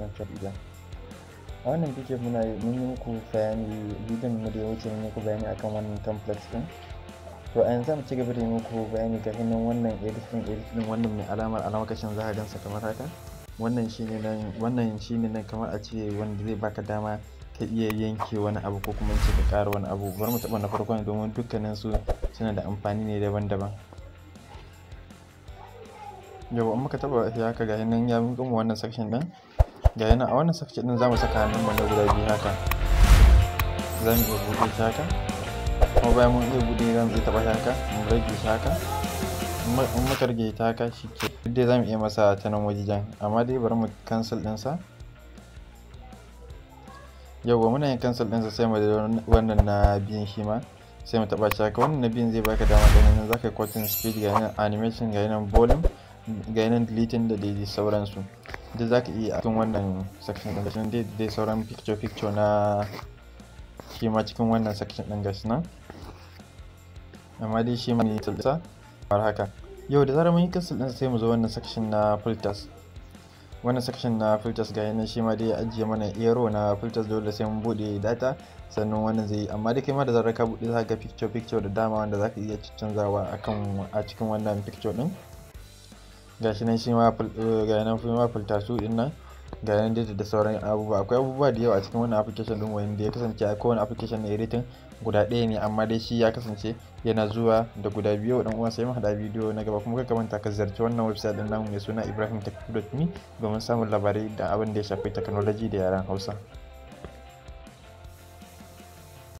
a wannan bidiyon muna mun yi muku bayani bidiyon mu da ya wuce muku bayani akan wannan template din to a yanzu mu ci gaba da muku bayani ga hinan wannan edit din edit wannan mai alamar alamakashin za ka gansa kamar haka wannan shine nan wannan nan kamar a ce wanda zai baka dama ka iya yanke wani abu ko kuma ce ka ƙara wani abu bari mu taɓa na farkon domin dukkanin su suna da amfani ne daban-daban yau an muka taba shi haka ga nan ya muka mu wannan section din ga yana a wannan section din zamu saka hannun mu na guda biyu haka zamu iya bude shi haka kuma bayan mun iya bude zan yi taba shi haka mu rage shi haka mun muka rage ta haka shi ke duk dai zamu iya masa ta nan wajen amma dai bari mu cancel din sa yauwa muna yin cancel sa sai mu da wannan na biyan shi ma sai mu taba shi haka wannan na biyan zai baka dama ganin zaka yi cutting speed ga nan animation ga nan volume gainan deleting da dai sauransu da za ka iya cikin wannan section ɗin gashinan dai sauran picture picture na shi ma cikin wannan section ɗin gashinan amma dai shi ma ne tilsa kamar haka yau da zarar mun yi cancel ɗin sai mu zo wannan section na filters wannan section na filters ga yanar shi ma dai ya ajiye mana arrow na filters dole sai mun bude data sannan wannan zai yi amma da kai ma da zarar ka bude za ka ga picture picture da dama wanda za ka iya cancanzawa a cikin wannan picture ɗin. ga shi nan shi ma eh, ga nan ma su din nan ga nan dai da sauran abubuwa akwai abubuwa da yawa a cikin wannan application din wanda ya kasance a kowane application na editing guda ɗaya ne amma dai shi ya kasance yana zuwa da guda biyu dan uwa sai mu hada bidiyo na gaba kuma ka manta ka ziyarci wannan website din namu mai suna ibrahimtech.me domin samun labarai da abin da ya shafi technology da yaren Hausa